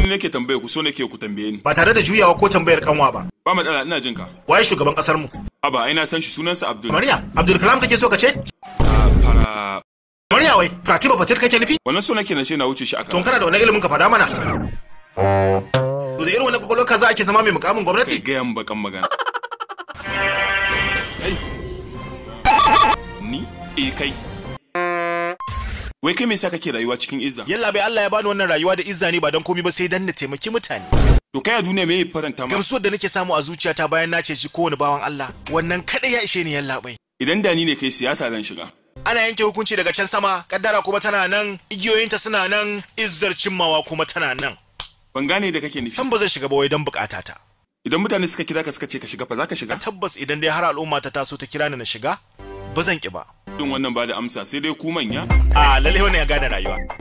ni nake tambaye ku so nake ku tambaye ni ba tare da juyawa ko tambayar kanwa ba ba matsala ina jinka waye shugaban kasar mu aba ai na san shi sunansa abdul mariya abdul kalam kake so ka ce fara ah, mariya wai pratiba fatir kake nufi wannan so nake na ce na wuce shi aka kana da wani ilimin ka fada mana to da irin wannan kokolon kaza ake zama mai mukamin gwamnati kai gayan bakan magana ni eh kai Wai kai me yasa kake rayuwa cikin izza? Yalla bai Allah ya bani wannan rayuwa da izza ne ba don komai ba sai dan na taimaki mutane. To kai a duniya me yayi faranta ma? Gamsuwar da nake samu a zuciyata bayan na ce shi kowane bawan Allah, wannan kada ya ishe ni yalla bai. Idan da ni ne kai siyasa zan shiga. Ana yanke hukunci daga can sama, kaddara kuma tana nan, igiyoyinta suna nan, izzar cimmawa kuma tana nan. Ban gane da kake nufi. San ba zan shiga ba wai dan bukata ta. Idan mutane suka kira ka suka ce ka shiga fa za ka shiga? Tabbas idan dai har al'umma ta taso ta kira ni na shiga, ba zan ki ba. din wannan ba da amsa sai dai ku manya a lalle wannan ya gane rayuwa